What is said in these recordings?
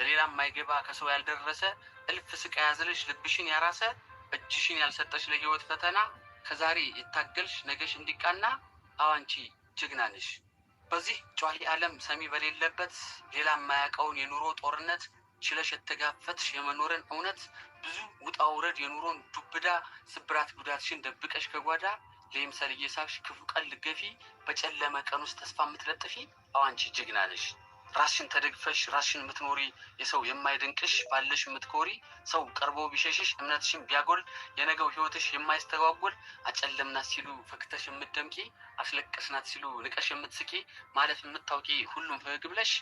ለሌላ የማይገባ ከሰው ያልደረሰ እልፍ ስቃ ያዘለሽ ልብሽን ያራሰ እጅሽን ያልሰጠሽ ለህይወት ፈተና ከዛሬ የታገልሽ ነገሽ እንዲቃና አዋንቺ ጀግና ነሽ። በዚህ ጨዋሂ ዓለም ሰሚ በሌለበት ሌላ የማያውቀውን የኑሮ ጦርነት ችለሽ የተጋፈትሽ የመኖርን እውነት ብዙ ውጣ ውረድ የኑሮን ዱብዳ ስብራት ጉዳትሽን ደብቀሽ ከጓዳ ለይምሰል እየሳቅሽ ክፉ ቀን ልገፊ በጨለመ ቀን ውስጥ ተስፋ የምትለጥፊ አዋንቺ ጀግና ነሽ። ራስሽን ተደግፈሽ ራስሽን የምትኖሪ የሰው የማይደንቅሽ ባለሽ የምትኮሪ ሰው ቀርቦ ቢሸሽሽ እምነትሽን ቢያጎል የነገው ህይወትሽ የማይስተጓጎል አጨለምናት ሲሉ ፈክተሽ የምትደምቂ አስለቀስናት ሲሉ ንቀሽ የምትስቂ ማለት የምታውቂ ሁሉም ፈገግ ብለሽ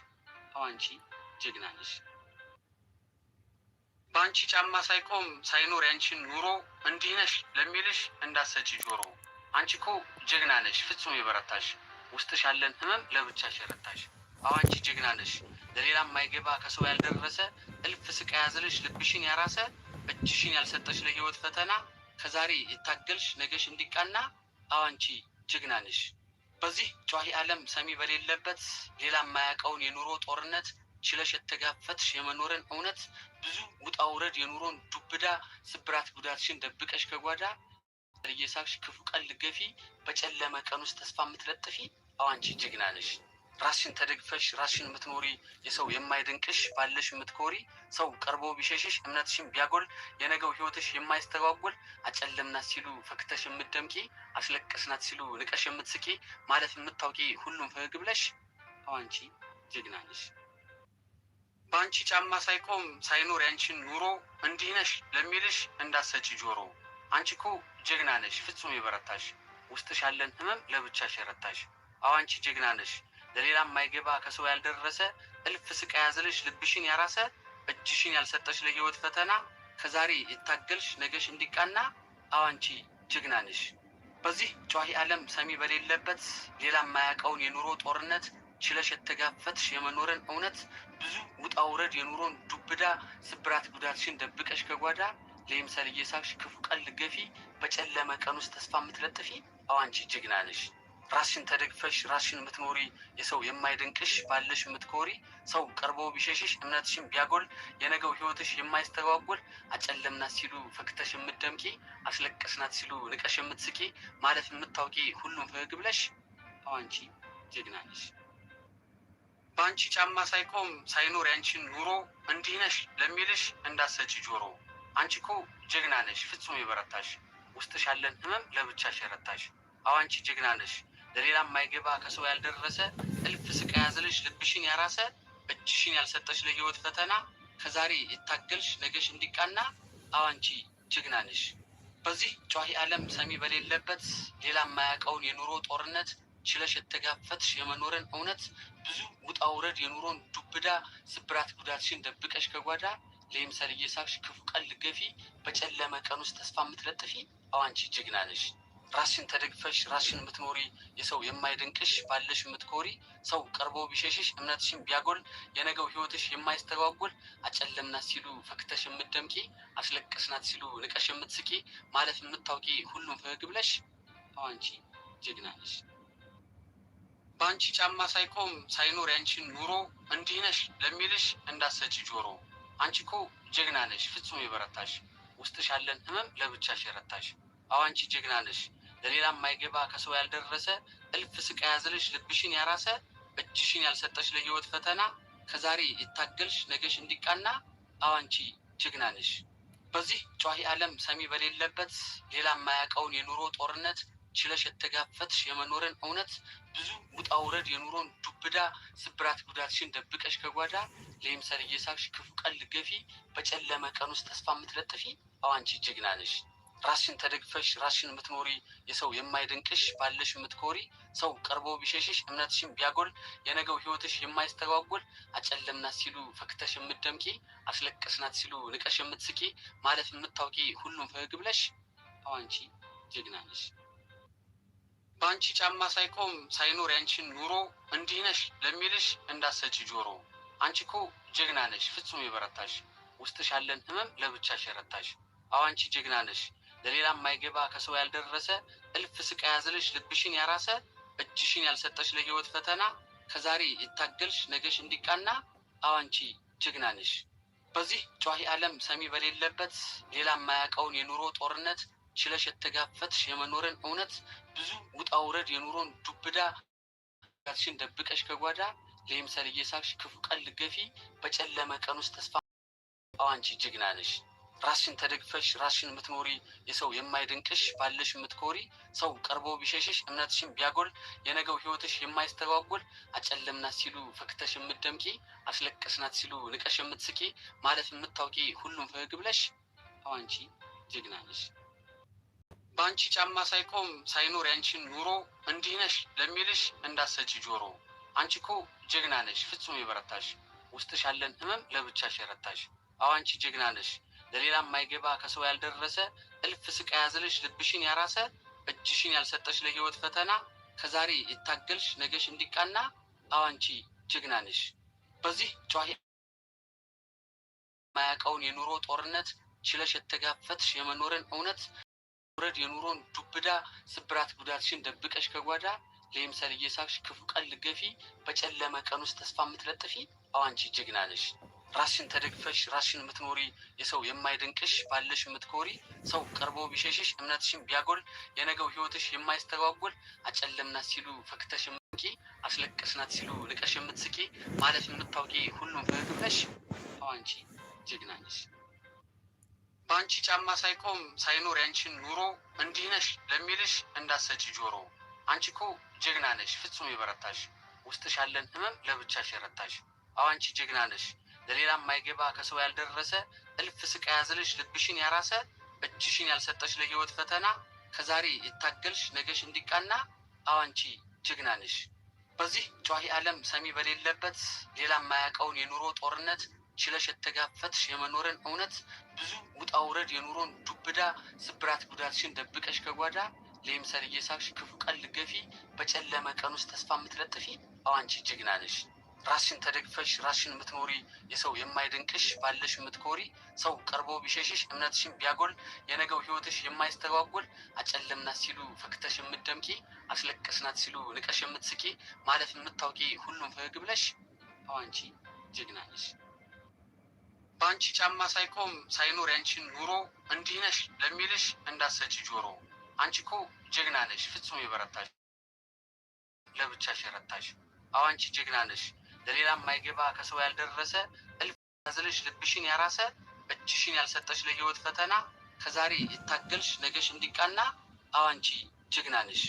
አዋንቺ ጀግና ነሽ። በአንቺ ጫማ ሳይቆም ሳይኖር ያንቺን ኑሮ እንዲህ ነሽ ለሚልሽ እንዳሰጪ ጆሮ አንቺ እኮ ጀግና ነሽ ፍጹም የበረታሽ ውስጥሽ ያለን ህመም ለብቻሽ የረታሽ አዋንቺ ጀግና ነሽ። ለሌላ የማይገባ ከሰው ያልደረሰ እልፍ ስቃይ ያዘለሽ ልብሽን ያራሰ እጅሽን ያልሰጠሽ ለህይወት ፈተና ከዛሬ የታገልሽ ነገሽ እንዲቃና አዋንቺ ጀግና ነሽ። በዚህ ጨዋሂ ዓለም ሰሚ በሌለበት ሌላ የማያውቀውን የኑሮ ጦርነት ችለሽ የተጋፈትሽ የመኖርን እውነት ብዙ ውጣ ውረድ የኑሮን ዱብዳ ስብራት ጉዳትሽን ደብቀሽ ከጓዳ እየሳቅሽ ክፉ ቀን ልገፊ በጨለመ ቀን ውስጥ ተስፋ የምትለጥፊ አዋንቺ ጀግና ነሽ። ራስሽን ተደግፈሽ ራስሽን የምትኖሪ የሰው የማይደንቅሽ ባለሽ የምትኮሪ ሰው ቀርቦ ቢሸሽሽ እምነትሽን ቢያጎል የነገው ህይወትሽ የማይስተጓጎል አጨለምናት ሲሉ ፈክተሽ የምትደምቂ አስለቀስናት ሲሉ ንቀሽ የምትስቂ ማለት የምታውቂ ሁሉም ፈገግ ብለሽ አዋንቺ ጀግና ነሽ። በአንቺ ጫማ ሳይቆም ሳይኖር ያንቺን ኑሮ እንዲህ ነሽ ለሚልሽ እንዳሰጪ ጆሮ አንቺ እኮ ጀግና ነሽ ፍጹም የበረታሽ ውስጥሽ ያለን ህመም ለብቻሽ የረታሽ አዋንቺ ጀግና ነሽ። ለሌላ የማይገባ ከሰው ያልደረሰ እልፍ ስቃ ያዘለሽ ልብሽን ያራሰ እጅሽን ያልሰጠሽ ለህይወት ፈተና ከዛሬ የታገልሽ ነገሽ እንዲቃና አዋንቺ ጀግና ነሽ። በዚህ ጨዋሂ ዓለም ሰሚ በሌለበት ሌላ የማያውቀውን የኑሮ ጦርነት ችለሽ የተጋፈትሽ የመኖርን እውነት ብዙ ውጣ ውረድ የኑሮን ዱብዳ ስብራት ጉዳትሽን ደብቀሽ ከጓዳ ለይምሰል እየሳቅሽ ክፉ ቀን ልገፊ በጨለመ ቀን ውስጥ ተስፋ የምትለጥፊ አዋንቺ ጀግና ነሽ። ራስሽን ተደግፈሽ ራስሽን የምትኖሪ የሰው የማይደንቅሽ ባለሽ የምትኮሪ ሰው ቀርቦ ቢሸሽሽ እምነትሽን ቢያጎል የነገው ህይወትሽ የማይስተጓጎል አጨለምናት ሲሉ ፈክተሽ የምትደምቂ አስለቀስናት ሲሉ ንቀሽ የምትስቂ ማለፍ የምታውቂ ሁሉም ፈገግ ብለሽ አዋንቺ ጀግና ነሽ። በአንቺ ጫማ ሳይቆም ሳይኖር ያንቺን ኑሮ እንዲህ ነሽ ለሚልሽ እንዳሰጪ ጆሮ አንቺ እኮ ጀግና ነሽ ፍጹም የበረታሽ ውስጥሽ ያለን ህመም ለብቻሽ የረታሽ አዋንቺ ጀግና ነሽ። ለሌላ የማይገባ ከሰው ያልደረሰ እልፍ ስቃ ያዘለሽ ልብሽን ያራሰ እጅሽን ያልሰጠሽ ለህይወት ፈተና ከዛሬ የታገልሽ ነገሽ እንዲቃና አዋንቺ ጀግና ነሽ። በዚህ ጨዋሂ ዓለም ሰሚ በሌለበት ሌላ የማያውቀውን የኑሮ ጦርነት ችለሽ የተጋፈትሽ የመኖረን እውነት ብዙ ውጣ ውረድ የኑሮን ዱብዳ ስብራት ጉዳትሽን ደብቀሽ ከጓዳ ለይምሰል እየሳቅሽ ክፉ ቀን ልገፊ በጨለመ ቀን ውስጥ ተስፋ የምትለጥፊ አዋንቺ ጀግና ነሽ። ራስሽን ተደግፈሽ ራስሽን የምትኖሪ የሰው የማይደንቅሽ ባለሽ የምትኮሪ ሰው ቀርቦ ቢሸሽሽ እምነትሽን ቢያጎል የነገው ህይወትሽ የማይስተጓጎል አጨለምናት ሲሉ ፈክተሽ የምትደምቂ አስለቀስናት ሲሉ ንቀሽ የምትስቂ ማለፍ የምታውቂ ሁሉም ፈገግ ብለሽ አዋንቺ ጀግና ነሽ። በአንቺ ጫማ ሳይቆም ሳይኖር ያንቺን ኑሮ እንዲህ ነሽ ለሚልሽ እንዳሰጪ ጆሮ አንቺ ኮ ጀግና ነሽ ፍጹም የበረታሽ ውስጥሽ ያለን ህመም ለብቻሽ የረታሽ አዋንቺ ጀግና ነሽ። ለሌላ የማይገባ ከሰው ያልደረሰ እልፍ ስቃ ያዘለሽ ልብሽን ያራሰ እጅሽን ያልሰጠሽ ለህይወት ፈተና ከዛሬ የታገልሽ ነገሽ እንዲቃና አዋንቺ ጀግና ነሽ። በዚህ ጨዋሂ ዓለም ሰሚ በሌለበት ሌላ የማያውቀውን የኑሮ ጦርነት ችለሽ የተጋፈትሽ የመኖርን እውነት ብዙ ውጣ ውረድ የኑሮን ዱብዳ ስብራት ጉዳትሽን ደብቀሽ ከጓዳ ለይምሰል እየሳቅሽ ክፉ ቀን ልገፊ በጨለመ ቀን ውስጥ ተስፋ የምትለጥፊ አዋንቺ ጀግና ነሽ። ራስሽን ተደግፈሽ ራስሽን የምትኖሪ የሰው የማይደንቅሽ ባለሽ የምትኮሪ ሰው ቀርቦ ቢሸሽሽ እምነትሽን ቢያጎል የነገው ህይወትሽ የማይስተጓጎል አጨለምናት ሲሉ ፈክተሽ የምትደምቂ አስለቀስናት ሲሉ ንቀሽ የምትስቂ ማለት የምታውቂ ሁሉም ፈገግ ብለሽ አዋንቺ ጀግና ነሽ። በአንቺ ጫማ ሳይቆም ሳይኖር ያንቺን ኑሮ እንዲህ ነሽ ለሚልሽ እንዳሰጭ ጆሮ አንቺ ኮ ጀግና ነሽ ፍጹም የበረታሽ ውስጥሽ ያለን ህመም ለብቻሽ የረታሽ አዋንቺ ጀግና ነሽ ለሌላ የማይገባ ከሰው ያልደረሰ እልፍ ስቃ ያዘለሽ ልብሽን ያራሰ እጅሽን ያልሰጠሽ ለህይወት ፈተና ከዛሬ ይታገልሽ ነገሽ እንዲቃና አዋንቺ ጀግና ነሽ። በዚህ ጨዋሂ ዓለም ሰሚ በሌለበት ሌላ የማያውቀውን የኑሮ ጦርነት ችለሽ የተጋፈትሽ የመኖርን እውነት ብዙ ውጣ ውረድ የኑሮን ዱብዳ ጋትሽን ደብቀሽ ከጓዳ ለይምሰል እየሳቅሽ ክፉ ቀን ልገፊ በጨለመ ቀን ውስጥ ተስፋ አዋንቺ ጀግና ነሽ። ራስሽን ተደግፈሽ ራስሽን የምትኖሪ የሰው የማይደንቅሽ ባለሽ የምትኮሪ ሰው ቀርቦ ቢሸሽሽ እምነትሽን ቢያጎል የነገው ህይወትሽ የማይስተጓጎል አጨለምናት ሲሉ ፈክተሽ የምትደምቂ አስለቀስናት ሲሉ ንቀሽ የምትስቂ ማለፍ የምታውቂ ሁሉም ፈገግ ብለሽ አዋንቺ ጀግና ነሽ። በአንቺ ጫማ ሳይቆም ሳይኖር ያንቺን ኑሮ እንዲህ ነሽ ለሚልሽ እንዳሰጪ ጆሮ አንቺ እኮ ጀግና ነሽ ፍጹም የበረታሽ ውስጥሽ ያለን ህመም ለብቻሽ የረታሽ አዋንቺ ጀግና ነሽ። ለሌላ የማይገባ ከሰው ያልደረሰ እልፍ ስቃ ያዘለሽ ልብሽን ያራሰ እጅሽን ያልሰጠሽ ለህይወት ፈተና ከዛሬ ይታገልሽ ነገሽ እንዲቃና አዋንቺ ጀግና ነሽ። በዚህ ጨዋሂ የማያውቀውን የኑሮ ጦርነት ችለሽ የተጋፈትሽ የመኖርን እውነት ውረድ የኑሮን ዱብዳ ስብራት ጉዳትሽን ደብቀሽ ከጓዳ ለምሳሌ እየሳቅሽ ክፉ ቀን ልገፊ በጨለመ ቀን ውስጥ ተስፋ የምትለጥፊ አዋንቺ ጀግና ነሽ። ራስሽን ተደግፈሽ ራስሽን የምትኖሪ የሰው የማይደንቅሽ ባለሽ የምትኮሪ ሰው ቀርቦ ቢሸሽሽ እምነትሽን ቢያጎል የነገው ህይወትሽ የማይስተጓጎል አጨለምናት ሲሉ ፈክተሽ የምትቂ አስለቀስናት ሲሉ ልቀሽ የምትስቂ ማለት የምታውቂ ሁሉም ፈገግታሽ አዋንቺ ጀግና ነሽ። በአንቺ ጫማ ሳይቆም ሳይኖር ያንቺን ኑሮ እንዲህ ነሽ ለሚልሽ እንዳሰጭ ጆሮ አንቺ እኮ ጀግና ነሽ ፍጹም የበረታሽ ውስጥሽ ያለን ህመም ለብቻሽ የረታሽ አዋንቺ ጀግና ነሽ። ለሌላ የማይገባ ከሰው ያልደረሰ እልፍ ስቃይ ያዘለሽ ልብሽን ያራሰ እጅሽን ያልሰጠሽ ለህይወት ፈተና ከዛሬ የታገልሽ ነገሽ እንዲቃና አዋንቺ ጀግና ነሽ። በዚህ ጨዋሂ ዓለም ሰሚ በሌለበት ሌላ የማያውቀውን የኑሮ ጦርነት ችለሽ የተጋፈትሽ የመኖረን እውነት ብዙ ውጣ ውረድ የኑሮን ዱብዳ ስብራት ጉዳትሽን ደብቀሽ ከጓዳ ለምሳሌ እየሳቅሽ ክፉ ቀን ልገፊ በጨለመ ቀን ውስጥ ተስፋ የምትለጥፊ አዋንቺ ጀግና ነሽ። ራስሽን ተደግፈሽ ራስሽን የምትኖሪ የሰው የማይደንቅሽ ባለሽ የምትኮሪ ሰው ቀርቦ ቢሸሽሽ እምነትሽን ቢያጎል የነገው ህይወትሽ የማይስተጓጎል አጨለምናት ሲሉ ፈክተሽ የምትደምቂ አስለቀስናት ሲሉ ንቀሽ የምትስቂ ማለት የምታውቂ ሁሉም ፈገግ ብለሽ አዋንቺ ጀግና ነሽ። በአንቺ ጫማ ሳይቆም ሳይኖር ያንቺን ኑሮ እንዲህ ነሽ ለሚልሽ እንዳሰጪ ጆሮ አንቺ ኮ ጀግና ነሽ ፍጹም የበረታሽ ለብቻሽ የረታሽ አዋንቺ ጀግና ነሽ። ለሌላ የማይገባ ከሰው ያልደረሰ እልፍ ያዘለሽ ልብሽን ያራሰ እጅሽን ያልሰጠሽ ለህይወት ፈተና ከዛሬ የታገልሽ ነገሽ እንዲቃና አዋንቺ ጀግና ነሽ።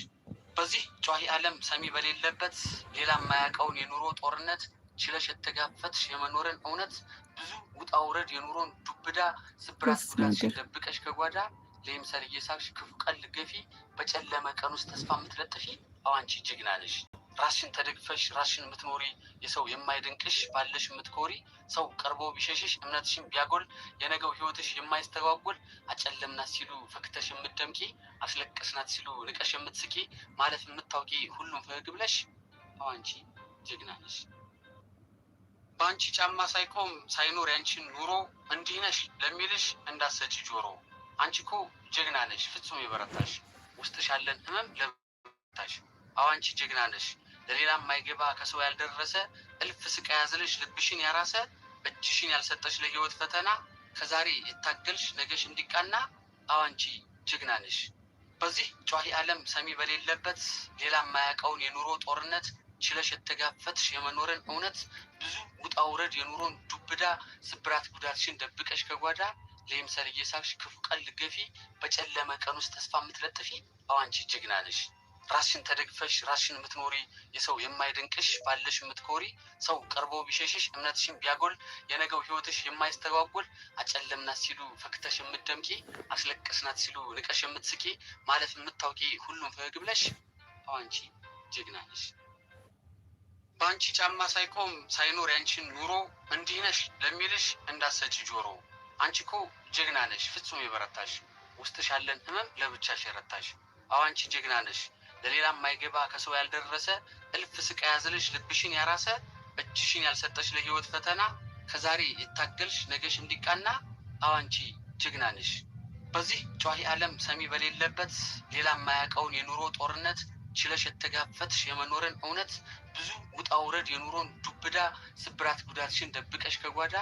በዚህ ጨዋሂ ዓለም ሰሚ በሌለበት ሌላ የማያውቀውን የኑሮ ጦርነት ችለሽ የተጋፈትሽ የመኖረን እውነት ብዙ ውጣ ውረድ የኑሮን ዱብዳ ስብራት ጉዳትሽን ደብቀሽ ከጓዳ ለምሳሌ እየሳቅሽ ክፉ ቀን ልገፊ በጨለመ ቀን ውስጥ ተስፋ የምትለጥፊ አዋንቺ ጀግና ነሽ። ራስሽን ተደግፈሽ ራስሽን የምትኖሪ የሰው የማይደንቅሽ ባለሽ የምትኮሪ ሰው ቀርቦ ቢሸሽሽ እምነትሽን ቢያጎል የነገው ህይወትሽ የማይስተጓጎል አጨለምናት ሲሉ ፈክተሽ የምትደምቂ አስለቀስናት ሲሉ ንቀሽ የምትስቂ ማለፍ የምታውቂ ሁሉም ፈገግ ብለሽ አዋንቺ ጀግና ነሽ። በአንቺ ጫማ ሳይቆም ሳይኖር ያንቺን ኑሮ እንዲህ ነሽ ለሚልሽ እንዳሰጪ ጆሮ አንቺ እኮ ጀግና ነሽ ፍጹም የበረታሽ ውስጥሽ ያለን ህመም ለታሽ አዋንቺ ጀግና ነሽ። ለሌላ የማይገባ ከሰው ያልደረሰ እልፍ ስቃ ያዘለሽ ልብሽን ያራሰ እጅሽን ያልሰጠሽ ለህይወት ፈተና ከዛሬ የታገልሽ ነገሽ እንዲቃና አዋንቺ ጀግና ነሽ። በዚህ ጨዋሂ ዓለም ሰሚ በሌለበት ሌላ የማያውቀውን የኑሮ ጦርነት ችለሽ የተጋፈትሽ የመኖርን እውነት ብዙ ውጣ ውረድ የኑሮን ዱብዳ ስብራት ጉዳትሽን ደብቀሽ ከጓዳ ለይምሰል እየሳቅሽ ክፉ ቀን ልገፊ በጨለመ ቀን ውስጥ ተስፋ የምትለጥፊ አዋንቺ ጀግና ነሽ። ራስሽን ተደግፈሽ ራስሽን የምትኖሪ የሰው የማይደንቅሽ ባለሽ የምትኮሪ ሰው ቀርቦ ቢሸሽሽ እምነትሽን ቢያጎል የነገው ህይወትሽ የማይስተጓጎል አጨለምናት ሲሉ ፈክተሽ የምትደምቂ አስለቀስናት ሲሉ ንቀሽ የምትስቂ ማለፍ የምታውቂ ሁሉም ፈገግ ብለሽ አዋንቺ ጀግና ነሽ። በአንቺ ጫማ ሳይቆም ሳይኖር ያንቺን ኑሮ እንዲህ ነሽ ለሚልሽ እንዳሰጪ ጆሮ አንቺ ኮ ጀግና ነሽ ፍጹም የበረታሽ ውስጥሽ ያለን ህመም ለብቻሽ የረታሽ አዋንቺ ጀግና ነሽ። ለሌላ የማይገባ ከሰው ያልደረሰ እልፍ ስቃይ ያዘለሽ ልብሽን ያራሰ እጅሽን ያልሰጠሽ ለህይወት ፈተና ከዛሬ የታገልሽ ነገሽ እንዲቃና አዋንቺ ጀግና ነሽ። በዚህ ጨዋሂ ዓለም ሰሚ በሌለበት ሌላ የማያውቀውን የኑሮ ጦርነት ችለሽ የተጋፈትሽ የመኖርን እውነት ብዙ ውጣ ውረድ የኑሮን ዱብዳ ስብራት ጉዳትሽን ደብቀሽ ከጓዳ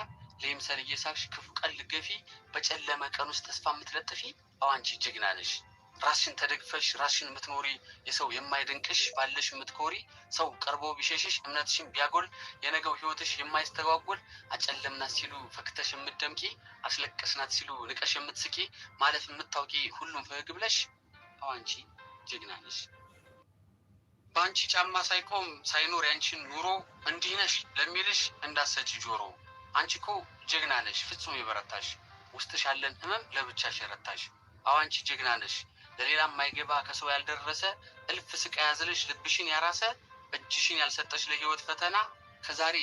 ለይምሰል እየሳቅሽ ክፉ ቀን ልገፊ በጨለመ ቀን ውስጥ ተስፋ የምትለጥፊ አዋንቺ ጀግና ነሽ። ራስሽን ተደግፈሽ ራስሽን የምትኖሪ የሰው የማይደንቅሽ ባለሽ የምትኮሪ ሰው ቀርቦ ቢሸሽሽ እምነትሽን ቢያጎል የነገው ህይወትሽ የማይስተጓጎል አጨለምናት ሲሉ ፈክተሽ የምትደምቂ አስለቀስናት ሲሉ ንቀሽ የምትስቂ ማለት የምታውቂ ሁሉም ፈገግ ብለሽ አዋንቺ ጀግና ነሽ። በአንቺ ጫማ ሳይቆም ሳይኖር ያንቺን ኑሮ እንዲህ ነሽ ለሚልሽ እንዳሰጭ ጆሮ አንቺ እኮ ጀግና ነሽ ፍጹም የበረታሽ ውስጥሽ ያለን ህመም ለብቻሽ የረታሽ አዋንቺ ጀግና ነሽ። ለሌላ የማይገባ ከሰው ያልደረሰ እልፍ ስቃይ ያዘለሽ ልብሽን ያራሰ እጅሽን ያልሰጠሽ ለህይወት ፈተና ከዛሬ